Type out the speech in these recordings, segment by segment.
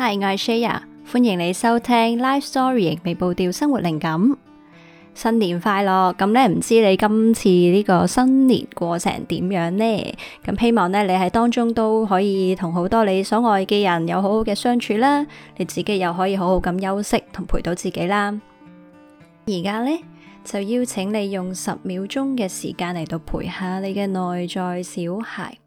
嗨，Hi, 我係 Shaya，歡迎你收聽 Life Story 微步調生活靈感。新年快樂！咁咧唔知你今次呢個新年過成點樣呢？咁希望咧你喺當中都可以同好多你所愛嘅人有好好嘅相處啦，你自己又可以好好咁休息同陪到自己啦。而家咧就邀請你用十秒鐘嘅時間嚟到陪下你嘅內在小孩。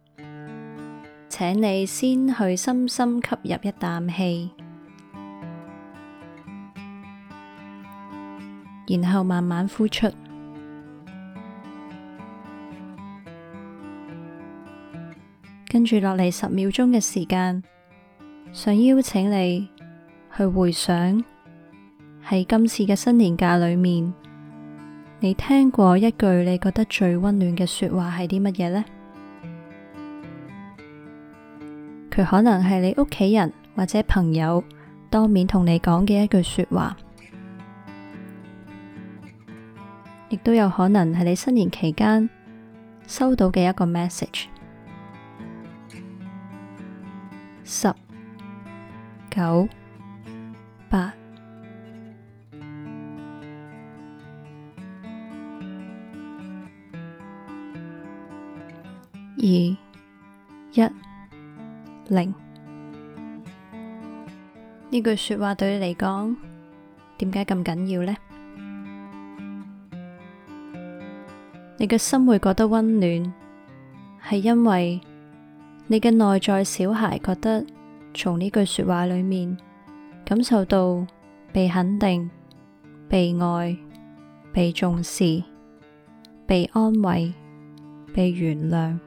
請你先去深深吸入一啖氣，然後慢慢呼出，跟住落嚟十秒鐘嘅時間，想邀請你去回想喺今次嘅新年假裏面，你聽過一句你覺得最溫暖嘅說話係啲乜嘢呢？佢可能係你屋企人或者朋友當面同你講嘅一句說話，亦都有可能係你新年期間收到嘅一個 message。十、九、八、二、一。零。呢句說話對你嚟講，點解咁緊要呢？你嘅心會覺得溫暖，係因為你嘅內在小孩覺得從呢句說話裏面感受到被肯定、被愛、被重視、被安慰、被原諒。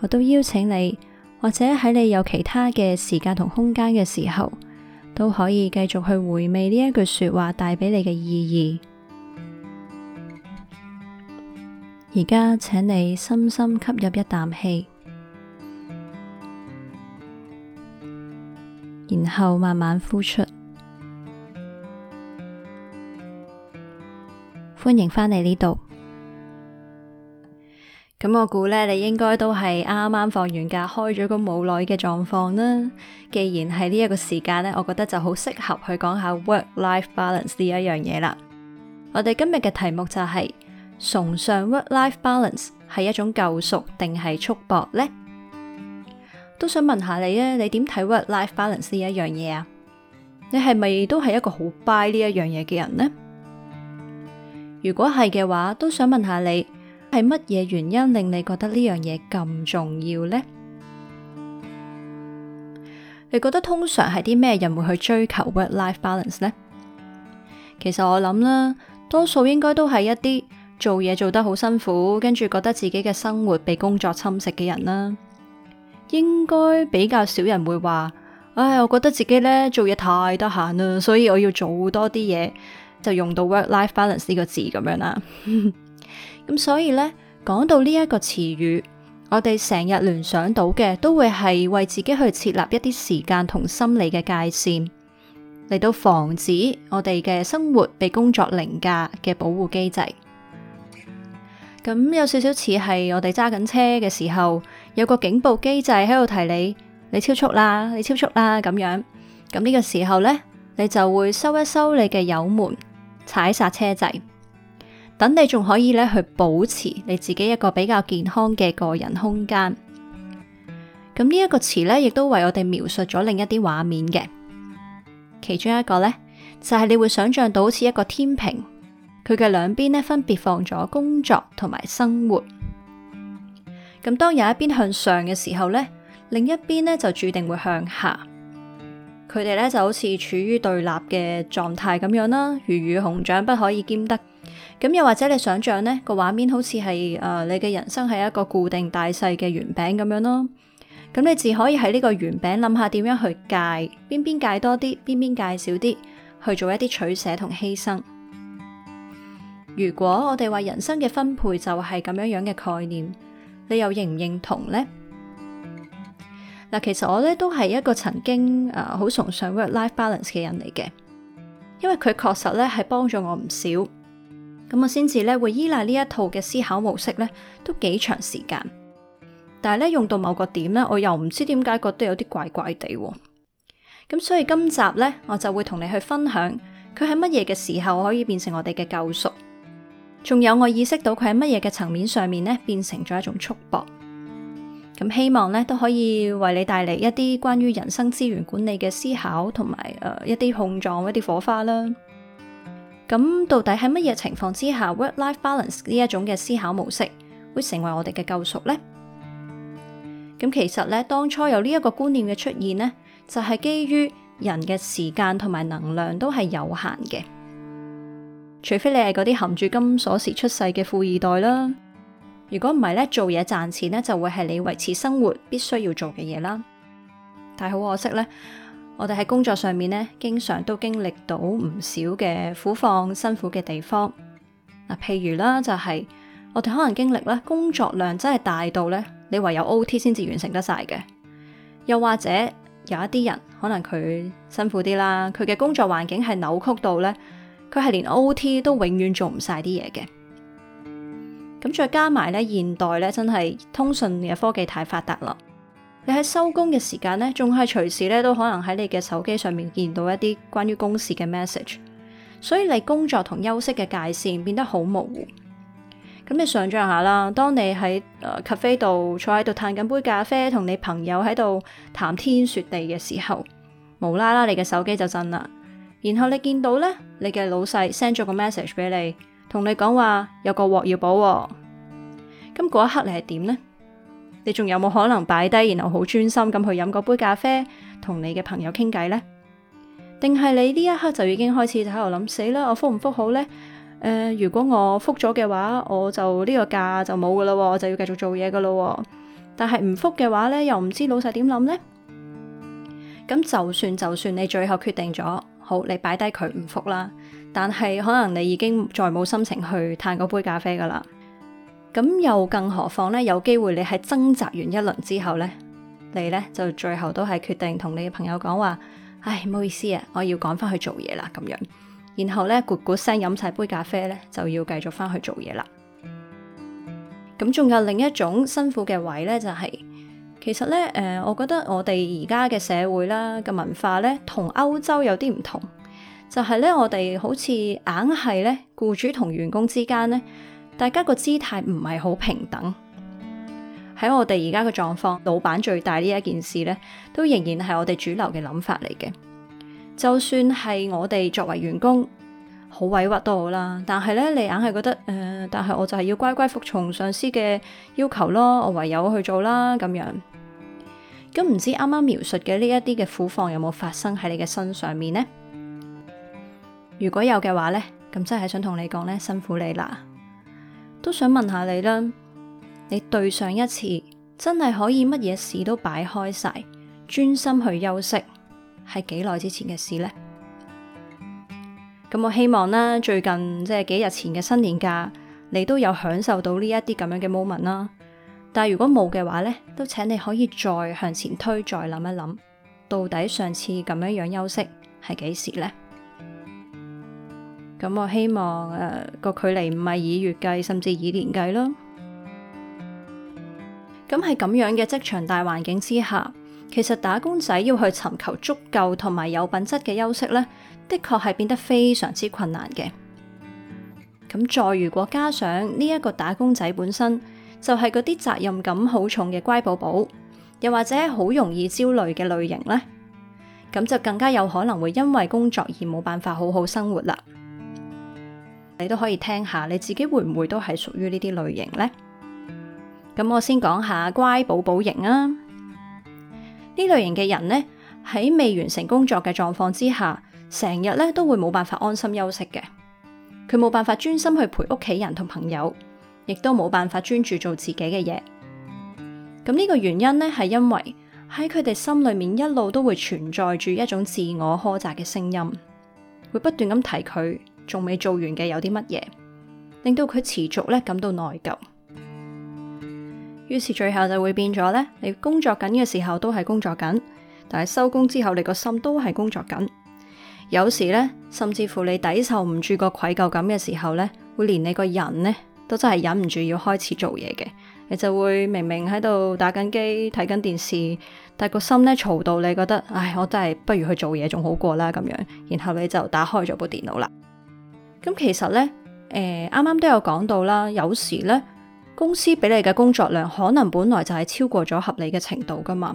我都邀請你，或者喺你有其他嘅時間同空間嘅時候，都可以繼續去回味呢一句說話帶畀你嘅意義。而家請你深深吸入一啖氣，然後慢慢呼出。歡迎返嚟呢度。咁我估咧，你應該都係啱啱放完假，開咗個冇耐嘅狀況啦。既然係呢一個時間呢，我覺得就好適合去講下 work life balance 呢一樣嘢啦。我哋今日嘅題目就係崇尚 work life balance 係一種救贖定係束縛呢？都想問下你啊，你點睇 work life balance 呢一樣嘢啊？你係咪都係一個好 buy 呢一樣嘢嘅人呢？如果係嘅話，都想問下你。係乜嘢原因令你覺得呢樣嘢咁重要呢？你覺得通常係啲咩人會去追求 work-life balance 呢？其實我諗啦，多數應該都係一啲做嘢做得好辛苦，跟住覺得自己嘅生活被工作侵蝕嘅人啦，應該比較少人會話：唉，哎，我覺得自己呢做嘢太得閒啦，所以我要做多啲嘢，就用到 work-life balance 呢個字咁樣啦。 咁所以咧，講到呢一個詞語，我哋成日聯想到嘅，都會係為自己去設立一啲時間同心理嘅界線，嚟到防止我哋嘅生活被工作凌駕嘅保護機制。咁有少少似係我哋揸緊車嘅時候，有個警報機制喺度提你，你超速啦，你超速啦咁樣。咁呢個時候咧，你就會收一收你嘅油門，踩剎車掣。等你仲可以咧去保持你自己一個比較健康嘅個人空間。咁呢一個詞咧，亦都為我哋描述咗另一啲畫面嘅。其中一個呢，就係你會想象到好似一個天平，佢嘅兩邊呢，分別放咗工作同埋生活。咁當有一邊向上嘅時候呢，另一邊呢就注定會向下。佢哋咧就好似處於對立嘅狀態咁樣啦，魚與熊掌不可以兼得。咁又或者你想象，呢個畫面好似係誒你嘅人生係一個固定大細嘅圓餅咁樣咯，咁你只可以喺呢個圓餅諗下點樣去界，邊邊界多啲，邊邊界少啲，去做一啲取捨同犧牲。如果我哋話人生嘅分配就係咁樣樣嘅概念，你又認唔認同呢？嗱，其實我咧都係一個曾經誒好崇尚 work-life balance 嘅人嚟嘅，因為佢確實咧係幫咗我唔少。咁我先至咧會依賴呢一套嘅思考模式咧，都幾長時間。但係咧，用到某個點咧，我又唔知點解覺得有啲怪怪地喎。咁所以今集咧，我就會同你去分享佢喺乜嘢嘅時候可以變成我哋嘅救贖，仲有我意識到佢喺乜嘢嘅層面上面咧變成咗一種束縛。咁希望咧，都可以為你帶嚟一啲關於人生資源管理嘅思考，同埋誒一啲碰撞，一啲火花啦。咁到底喺乜嘢情況之下，work-life balance 呢一種嘅思考模式會成為我哋嘅救贖呢？咁其實咧，當初有呢一個觀念嘅出現呢，就係基於人嘅時間同埋能量都係有限嘅，除非你係嗰啲含住金鎖匙出世嘅富二代啦。如果唔係咧，做嘢賺錢咧，就會係你維持生活必須要做嘅嘢啦。但係好可惜咧。我哋喺工作上面咧，經常都經歷到唔少嘅苦況、辛苦嘅地方。嗱、就係，譬如啦，就係我哋可能經歷咧，工作量真係大到咧，你唯有 O.T. 先至完成得晒嘅。又或者有一啲人，可能佢辛苦啲啦，佢嘅工作環境係扭曲到咧，佢係連 O.T. 都永遠做唔晒啲嘢嘅。咁再加埋咧，現代咧真係通訊嘅科技太發達啦。你喺收工嘅時間咧，仲係隨時咧都可能喺你嘅手機上面見到一啲關於公事嘅 message，所以你工作同休息嘅界線變得好模糊。咁你想象下啦，當你喺誒咖啡度坐喺度嘆緊杯咖啡，同你朋友喺度談天說地嘅時候，無啦啦你嘅手機就震啦，然後你見到咧，你嘅老細 send 咗個 message 俾你，同你講話有個鑊要補喎，咁嗰一刻你係點呢？你仲有冇可能擺低，然後好專心咁去飲嗰杯咖啡，同你嘅朋友傾偈呢？定係你呢一刻就已經開始喺度諗死啦？我覆唔覆好呢？誒、呃，如果我覆咗嘅話，我就呢個假就冇噶啦，我就要繼續做嘢噶啦。但係唔覆嘅話呢，又唔知老細點諗呢？咁就算就算你最後決定咗，好，你擺低佢唔覆啦，但係可能你已經再冇心情去嘆嗰杯咖啡噶啦。咁又更何況咧？有機會你喺掙扎完一輪之後咧，你咧就最後都係決定同你嘅朋友講話，唉，唔好意思啊，我要趕翻去做嘢啦咁樣。然後咧，咕咕聲飲晒杯咖啡咧，就要繼續翻去做嘢啦。咁仲有另一種辛苦嘅位咧，就係、是、其實咧，誒、呃，我覺得我哋而家嘅社會啦嘅文化咧，同歐洲有啲唔同，就係、是、咧我哋好似硬係咧僱主同員工之間咧。大家個姿態唔係好平等，喺我哋而家嘅狀況，老闆最大呢一件事呢，都仍然係我哋主流嘅諗法嚟嘅。就算係我哋作為員工好委屈都好啦，但係呢，你硬係覺得，呃，但係我就係要乖乖服從上司嘅要求咯，我唯有去做啦咁樣。咁唔知啱啱描述嘅呢一啲嘅苦況有冇發生喺你嘅身上面呢？如果有嘅話呢，咁真係想同你講呢，辛苦你啦。都想問下你啦，你對上一次真係可以乜嘢事都擺開晒，專心去休息，係幾耐之前嘅事呢？咁我希望咧，最近即係幾日前嘅新年假，你都有享受到呢一啲咁樣嘅 moment 啦。但係如果冇嘅話呢，都請你可以再向前推，再諗一諗，到底上次咁樣樣休息係幾時呢？咁我希望誒個、uh，距離唔係以月計，甚至以年計咯。咁喺咁樣嘅職場大環境之下，其實打工仔要去尋求足夠同埋有品質嘅休息呢，的確係變得非常之困難嘅。咁再如果加上呢一、個打工仔本身就係嗰啲責任感好重嘅乖寶寶，又或者好容易焦慮嘅類型呢，咁就更加有可能會因為工作而冇辦法好好生活啦。你都可以聽下，你自己會唔會都係屬於呢啲類型呢？咁我先講下乖寶寶型啊，呢類型嘅人呢，喺未完成工作嘅狀況之下，成日咧都會冇辦法安心休息嘅，佢冇辦法專心去陪屋企人同朋友，亦都冇辦法專注做自己嘅嘢。咁呢個原因呢，係因為喺佢哋心裏面一路都會存在住一種自我苛責嘅聲音，會不斷咁提佢。仲未做完嘅有啲乜嘢，令到佢持續咧感到內疚，於是最後就會變咗咧。你工作緊嘅時候都係工作緊，但係收工之後你個心都係工作緊。有時咧，甚至乎你抵受唔住個愧疚感嘅時候咧，會連你個人咧都真係忍唔住要開始做嘢嘅。你就會明明喺度打緊機，睇緊電視，但係個心咧嘈到你覺得，唉，我真係不如去做嘢仲好過啦咁樣。然後你就打開咗部電腦啦。咁其實咧，誒、欸，啱啱都有講到啦。有時咧，公司俾你嘅工作量可能本來就係超過咗合理嘅程度噶嘛。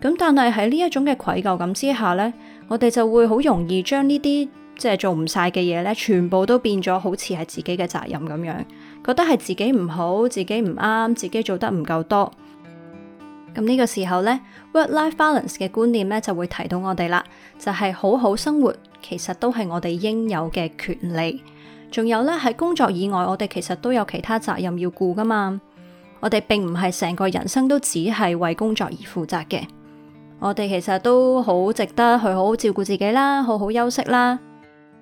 咁但係喺呢一種嘅愧疚感之下咧，我哋就會好容易將呢啲即係做唔晒嘅嘢咧，全部都變咗好似係自己嘅責任咁樣，覺得係自己唔好，自己唔啱，自己做得唔夠多。咁呢個時候咧，work-life balance 嘅觀念咧就會提到我哋啦，就係、是、好好生活。其實都係我哋應有嘅權利，仲有咧，喺工作以外，我哋其實都有其他責任要顧㗎嘛。我哋並唔係成個人生都只係為工作而負責嘅，我哋其實都好值得去好好照顧自己啦，好好休息啦。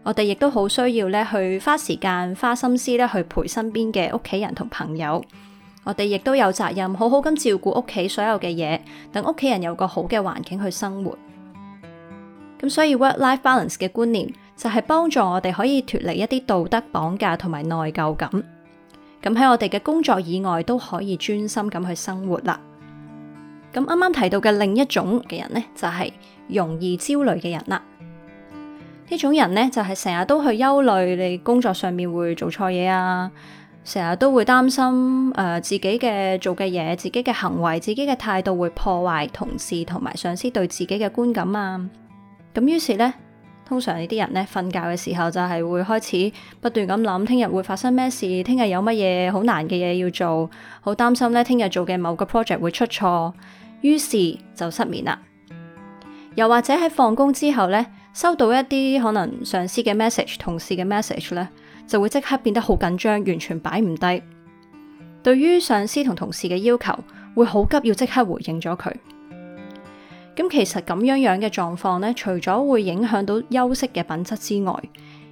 我哋亦都好需要咧去花時間、花心思咧去陪身邊嘅屋企人同朋友。我哋亦都有責任好好咁照顧屋企所有嘅嘢，等屋企人有個好嘅環境去生活。咁所以 work-life balance 嘅觀念就係幫助我哋可以脫離一啲道德綁架同埋內疚感，咁喺我哋嘅工作以外都可以專心咁去生活啦。咁啱啱提到嘅另一種嘅人呢，就係容易焦慮嘅人啦。呢種人呢，就係成日都去憂慮，你工作上面會做錯嘢啊，成日都會擔心誒自己嘅做嘅嘢、自己嘅行為、自己嘅態度會破壞同事同埋上司對自己嘅觀感啊。咁於是咧，通常呢啲人咧瞓覺嘅時候就係會開始不斷咁諗，聽日會發生咩事，聽日有乜嘢好難嘅嘢要做，好擔心咧聽日做嘅某個 project 會出錯，於是就失眠啦。又或者喺放工之後咧，收到一啲可能上司嘅 message、同事嘅 message 咧，就會即刻變得好緊張，完全擺唔低。對於上司同同事嘅要求，會好急要即刻回應咗佢。咁其實咁樣樣嘅狀況咧，除咗會影響到休息嘅品質之外，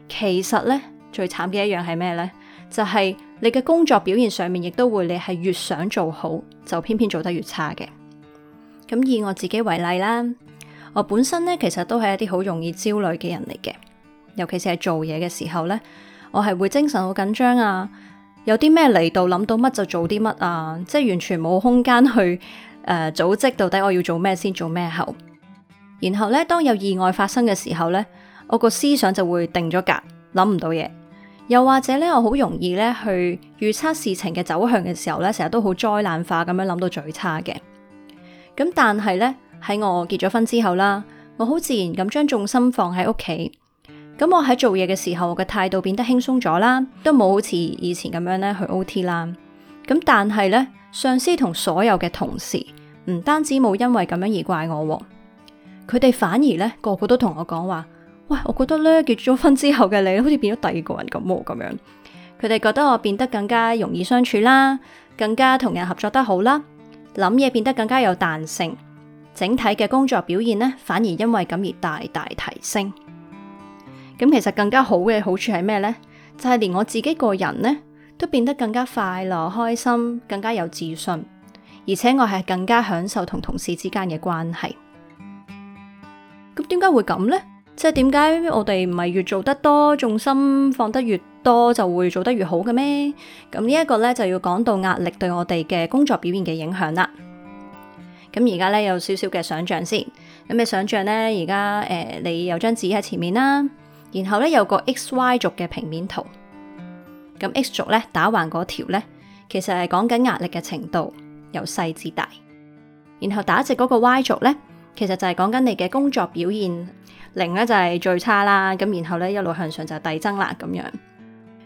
其實咧最慘嘅一樣係咩咧？就係你嘅工作表現上面，亦都會你係越想做好，就偏偏做得越差嘅。咁以我自己為例啦，我本身咧其實都係一啲好容易焦慮嘅人嚟嘅，尤其是係做嘢嘅時候咧，我係會精神好緊張啊，有啲咩嚟到諗到乜就做啲乜啊，即係完全冇空間去。誒、呃，組織到底我要做咩先做咩後？然後咧，當有意外發生嘅時候咧，我個思想就會定咗格，諗唔到嘢。又或者咧，我好容易咧去預測事情嘅走向嘅時候咧，成日都好災難化咁樣諗到最差嘅。咁但係咧，喺我結咗婚之後啦，我好自然咁將重心放喺屋企。咁我喺做嘢嘅時候，我嘅態度變得輕鬆咗啦，都冇好似以前咁樣咧去 OT 啦。咁但係咧。上司同所有嘅同事唔單止冇因為咁樣而怪我，佢哋反而咧，個個都同我講話，喂，我覺得咧結咗婚之後嘅你，好似變咗第二個人咁喎，咁樣。佢哋覺得我變得更加容易相處啦，更加同人合作得好啦，諗嘢變得更加有彈性，整體嘅工作表現咧反而因為咁而大大提升。咁其實更加好嘅好處係咩呢？就係連我自己個人呢。都變得更加快樂、開心，更加有自信，而且我係更加享受同同事之間嘅關係。咁點解會咁呢？即係點解我哋唔係越做得多，重心放得越多，就會做得越好嘅咩？咁呢一個咧就要講到壓力對我哋嘅工作表現嘅影響啦。咁而家咧有少少嘅想象先，咁你想象呢？而家誒你有張紙喺前面啦，然後咧有個 X、Y 軸嘅平面圖。咁 X 軸咧打橫嗰條咧，其實係講緊壓力嘅程度由細至大。然後打直嗰個 Y 軸咧，其實就係講緊你嘅工作表現，零咧就係、是、最差啦。咁然後咧一路向上就遞增啦，咁樣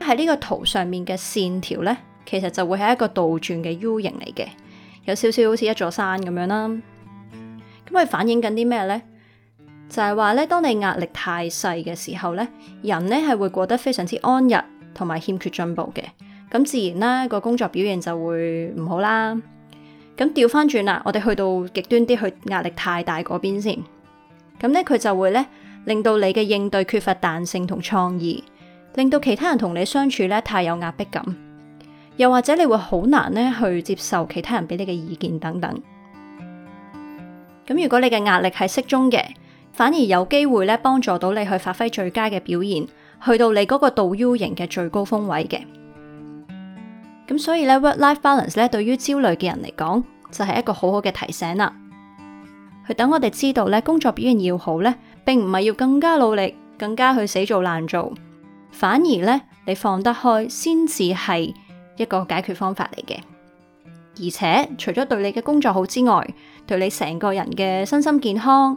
喺呢個圖上面嘅線條咧，其實就會係一個倒轉嘅 U 型嚟嘅，有少少好似一座山咁樣啦。咁佢反映緊啲咩咧？就係話咧，當你壓力太細嘅時候咧，人咧係會過得非常之安逸。同埋欠缺進步嘅，咁自然啦，個工作表現就會唔好啦。咁調翻轉啦，我哋去到極端啲，去壓力太大嗰邊先。咁咧，佢就會咧，令到你嘅應對缺乏彈性同創意，令到其他人同你相處咧太有壓迫感。又或者你會好難咧去接受其他人俾你嘅意見等等。咁如果你嘅壓力係適中嘅，反而有機會咧幫助到你去發揮最佳嘅表現。去到你嗰個倒 U 型嘅最高峰位嘅，咁所以咧 work-life balance 咧，對於焦慮嘅人嚟講就係、是、一個好好嘅提醒啦。佢等我哋知道咧，工作表現要好咧，並唔係要更加努力，更加去死做爛做，反而咧你放得開，先至係一個解決方法嚟嘅。而且除咗對你嘅工作好之外，對你成個人嘅身心健康，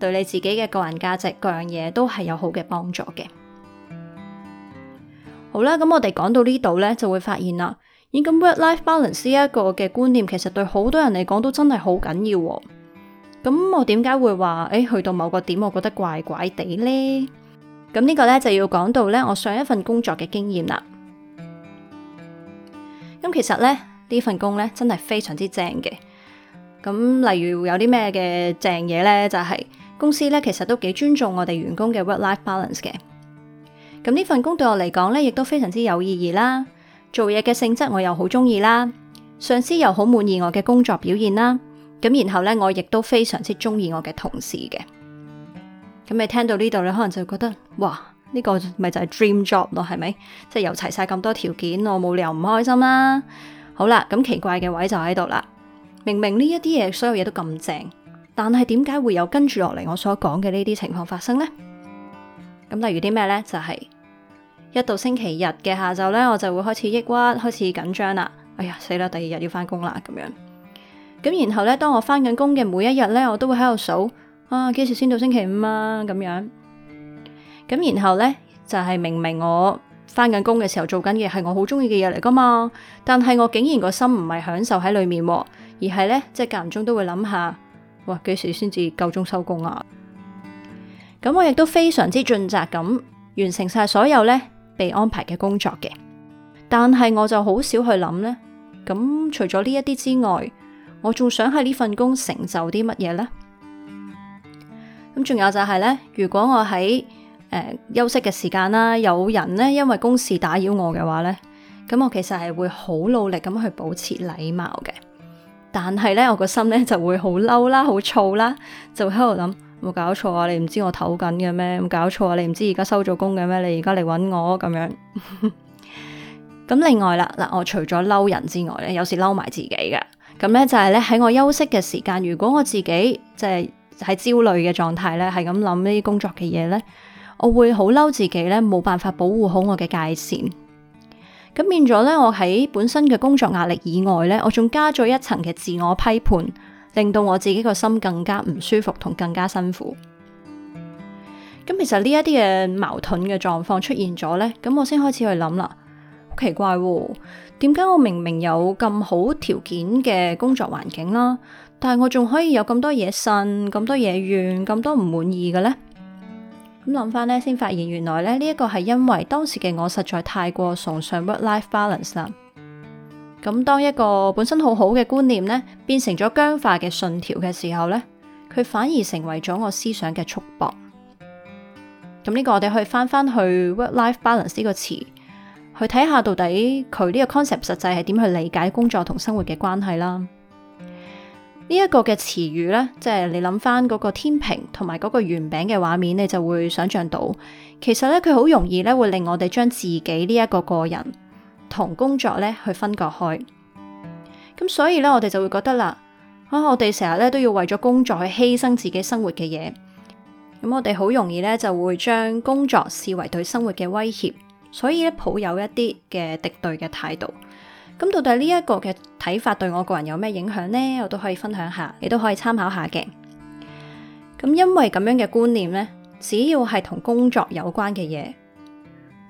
對你自己嘅個人價值各樣嘢都係有好嘅幫助嘅。好啦，咁我哋講到呢度呢，就會發現啦。咦、嗯，咁 work-life balance 呢一個嘅觀念，其實對好多人嚟講都真係好緊要、啊。咁我點解會話誒、哎，去到某個點我覺得怪怪地呢？咁呢個呢，就要講到呢我上一份工作嘅經驗啦。咁其實呢，呢份工呢真係非常之正嘅。咁例如有啲咩嘅正嘢呢，就係、是、公司呢其實都幾尊重我哋員工嘅 work-life balance 嘅。咁呢份工對我嚟講咧，亦都非常之有意義啦。做嘢嘅性質我又好中意啦，上司又好滿意我嘅工作表現啦。咁然後咧，我亦都非常之中意我嘅同事嘅。咁你聽到呢度，你可能就會覺得哇，呢個咪就係 dream job 咯，係咪？即係又齊晒咁多條件，我冇理由唔開心啦。好啦，咁奇怪嘅位就喺度啦。明明呢一啲嘢，所有嘢都咁正，但係點解會有跟住落嚟我所講嘅呢啲情況發生呢？咁例如啲咩呢？就係一到星期日嘅下晝呢，我就會開始抑鬱，開始緊張啦。哎呀，死啦！第二日要返工啦，咁樣。咁然後呢，當我返緊工嘅每一日呢，我都會喺度數啊，幾時先到星期五啊？咁樣。咁然後呢，就係明明我返緊工嘅時候做緊嘢係我好中意嘅嘢嚟噶嘛，但係我竟然個心唔係享受喺裏面，而係呢，即係間唔中都會諗下，哇，幾時先至夠鐘收工啊？咁我亦都非常之盡責咁完成晒所有咧被安排嘅工作嘅，但係我就好少去諗咧。咁除咗呢一啲之外，我仲想喺呢份工成就啲乜嘢咧？咁仲有就係咧，如果我喺誒、呃、休息嘅時間啦，有人咧因為公事打擾我嘅話咧，咁我其實係會好努力咁去保持禮貌嘅，但係咧我個心咧就會好嬲啦，好燥啦，就喺度諗。冇搞錯啊？你唔知我唞緊嘅咩？冇搞錯啊？你唔知而家收咗工嘅咩？你而家嚟搵我咁樣？咁 另外啦，嗱，我除咗嬲人之外咧，有時嬲埋自己嘅。咁咧就係咧，喺我休息嘅時間，如果我自己即係喺焦慮嘅狀態咧，係咁諗呢啲工作嘅嘢咧，我會好嬲自己咧，冇辦法保護好我嘅界線。咁變咗咧，我喺本身嘅工作壓力以外咧，我仲加咗一層嘅自我批判。令到我自己個心更加唔舒服同更加辛苦。咁其實呢一啲嘅矛盾嘅狀況出現咗呢，咁我先開始去諗啦。好奇怪喎，點解我明明有咁好條件嘅工作環境啦，但係我仲可以有咁多嘢呻，咁多嘢怨，咁多唔滿意嘅呢？咁諗翻呢，先發現原來咧呢一個係因為當時嘅我實在太過崇尚 work-life balance 啦。咁當一個本身好好嘅觀念咧，變成咗僵化嘅信條嘅時候呢，佢反而成為咗我思想嘅束縛。咁呢個我哋可以翻翻去 work-life balance 呢個詞，去睇下到底佢呢個 concept 實際係點去理解工作同生活嘅關係啦。呢一個嘅詞語呢，即係你諗翻嗰個天平同埋嗰個圓餅嘅畫面，你就會想象到，其實呢，佢好容易咧會令我哋將自己呢一個個人。同工作咧去分割開，咁所以咧我哋就會覺得啦，啊我哋成日咧都要為咗工作去犧牲自己生活嘅嘢，咁我哋好容易咧就會將工作視為對生活嘅威脅，所以咧抱有一啲嘅敵對嘅態度。咁到底呢一個嘅睇法對我個人有咩影響呢？我都可以分享下，你都可以參考下嘅。咁因為咁樣嘅觀念呢，只要係同工作有關嘅嘢。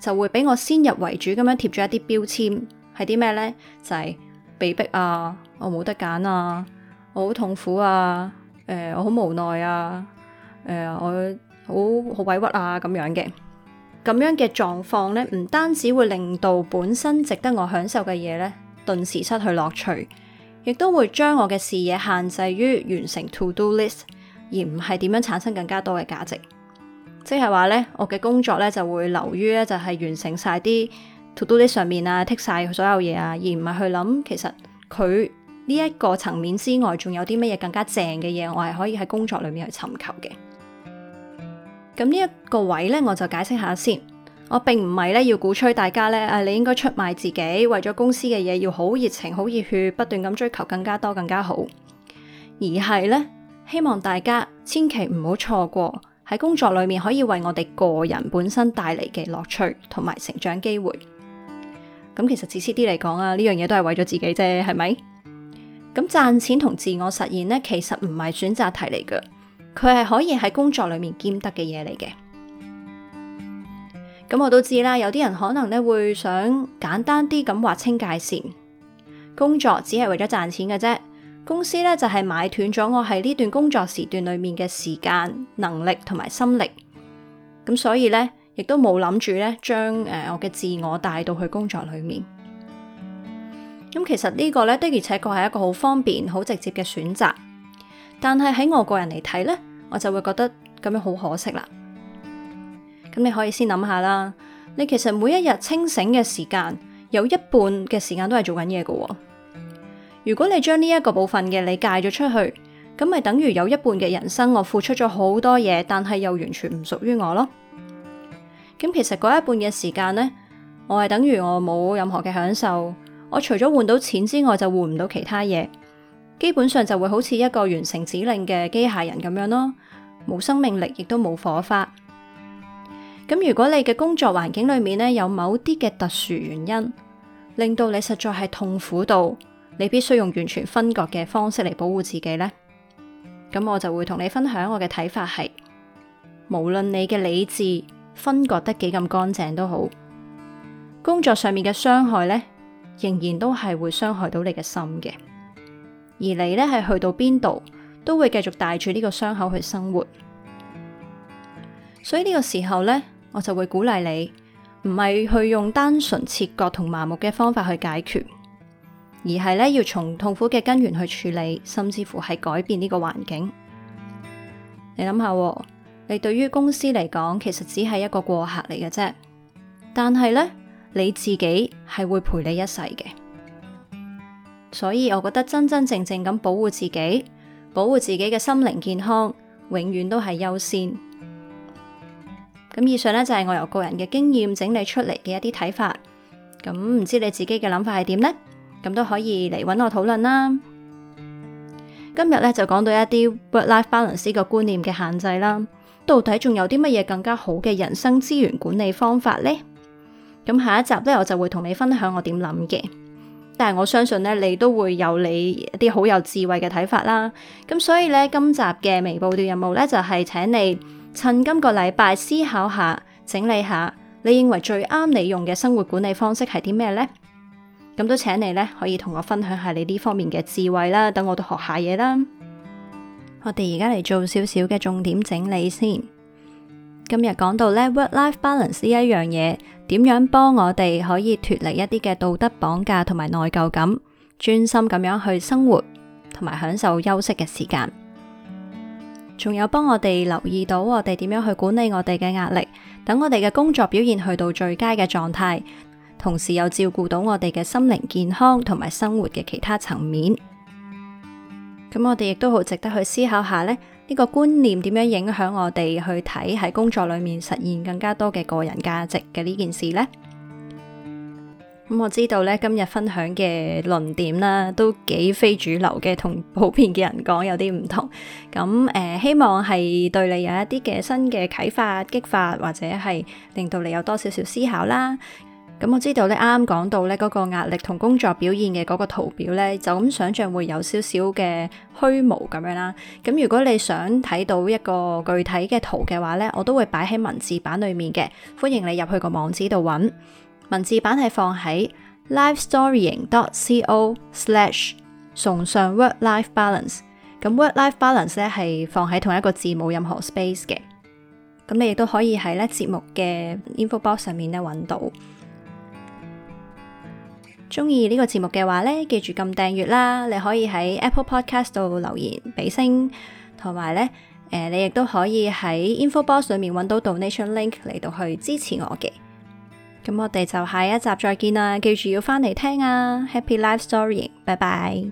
就會俾我先入為主咁樣貼咗一啲標籤，係啲咩呢？就係、是、被逼啊，我冇得揀啊，我好痛苦啊，誒、呃，我好無奈啊，誒、呃，我好好委屈啊咁樣嘅，咁樣嘅狀況呢，唔單止會令到本身值得我享受嘅嘢呢，頓時失去樂趣，亦都會將我嘅視野限制於完成 to do list，而唔係點樣產生更加多嘅價值。即係話呢，我嘅工作呢就會留於呢，就係完成晒啲 to do list 上面啊，tick 晒所有嘢啊，而唔係去諗其實佢呢一個層面之外，仲有啲乜嘢更加正嘅嘢，我係可以喺工作裏面去尋求嘅。咁呢一個位呢，我就解釋下先。我並唔係呢要鼓吹大家呢，啊你應該出賣自己，為咗公司嘅嘢要好熱情、好熱血，不斷咁追求更加多、更加好。而係呢，希望大家千祈唔好錯過。喺工作裏面可以為我哋個人本身帶嚟嘅樂趣同埋成長機會。咁其實自私啲嚟講啊，呢樣嘢都係為咗自己啫，係咪？咁賺錢同自我實現呢，其實唔係選擇題嚟嘅，佢係可以喺工作裏面兼得嘅嘢嚟嘅。咁我都知啦，有啲人可能咧會想簡單啲咁劃清界線，工作只係為咗賺錢嘅啫。公司咧就係買斷咗我喺呢段工作時段裏面嘅時間、能力同埋心力，咁所以咧亦都冇諗住咧將誒我嘅自我帶到去工作裏面。咁其實呢個咧的而且確係一個好方便、好直接嘅選擇，但係喺我個人嚟睇咧，我就會覺得咁樣好可惜啦。咁你可以先諗下啦，你其實每一日清醒嘅時間有一半嘅時間都係做緊嘢噶。如果你將呢一個部分嘅你戒咗出去，咁咪等於有一半嘅人生我付出咗好多嘢，但係又完全唔屬於我咯。咁其實嗰一半嘅時間呢，我係等於我冇任何嘅享受，我除咗換到錢之外就換唔到其他嘢，基本上就會好似一個完成指令嘅機械人咁樣咯，冇生命力，亦都冇火花。咁如果你嘅工作環境裏面呢，有某啲嘅特殊原因，令到你實在係痛苦到。你必須用完全分割嘅方式嚟保護自己呢，咁我就會同你分享我嘅睇法係，無論你嘅理智分割得幾咁乾淨都好，工作上面嘅傷害呢，仍然都係會傷害到你嘅心嘅，而你呢，係去到邊度都會繼續帶住呢個傷口去生活。所以呢個時候呢，我就會鼓勵你，唔係去用單純切割同麻木嘅方法去解決。而係咧，要從痛苦嘅根源去處理，甚至乎係改變呢個環境。你諗下，你對於公司嚟講，其實只係一個過客嚟嘅啫。但係咧，你自己係會陪你一世嘅。所以我覺得真真正正咁保護自己、保護自己嘅心靈健康，永遠都係優先。咁以上咧就係我由個人嘅經驗整理出嚟嘅一啲睇法。咁唔知你自己嘅諗法係點呢？咁都可以嚟揾我討論啦。今日咧就講到一啲 work-life balance 個觀念嘅限制啦。到底仲有啲乜嘢更加好嘅人生資源管理方法呢？咁下一集咧我就會同你分享我點諗嘅。但係我相信咧你都會有你一啲好有智慧嘅睇法啦。咁所以咧今集嘅微步嘅任務咧就係、是、請你趁今個禮拜思考下、整理下，你認為最啱你用嘅生活管理方式係啲咩呢？咁都請你咧，可以同我分享下你呢方面嘅智慧啦，等我都學下嘢啦。我哋而家嚟做少少嘅重點整理先。今日講到咧，work-life balance 呢一樣嘢，點樣幫我哋可以脫離一啲嘅道德綁架同埋內疚感，專心咁樣去生活同埋享受休息嘅時間。仲有幫我哋留意到我哋點樣去管理我哋嘅壓力，等我哋嘅工作表現去到最佳嘅狀態。同時又照顧到我哋嘅心靈健康同埋生活嘅其他層面。咁我哋亦都好值得去思考下咧，呢、呢個觀念點樣影響我哋去睇喺工作裏面實現更加多嘅個人價值嘅呢件事呢？咁我知道呢今日分享嘅論點啦，都幾非主流嘅，同普遍嘅人講有啲唔同。咁誒、呃，希望係對你有一啲嘅新嘅啟發、激發，或者係令到你有多少少思考啦。咁、嗯、我知道咧，啱啱講到咧嗰個壓力同工作表現嘅嗰個圖表咧，就咁想象會有少少嘅虛無咁樣啦。咁如果你想睇到一個具體嘅圖嘅話咧，我都會擺喺文字版裡面嘅，歡迎你入去個網址度揾文字版係放喺 livestorying.co/slash 崇尚 work-life balance work。咁 work-life balance 咧係放喺同一個字冇任何 space 嘅。咁你亦都可以喺咧節目嘅 info box 上面咧揾到。中意呢個節目嘅話呢，記住撳訂閱啦！你可以喺 Apple Podcast 度留言俾聲，同埋呢，誒、呃，你亦都可以喺 Info Box 上面揾到 donation link 嚟到去支持我嘅。咁我哋就下一集再見啦！記住要翻嚟聽啊！Happy Life Story，拜拜。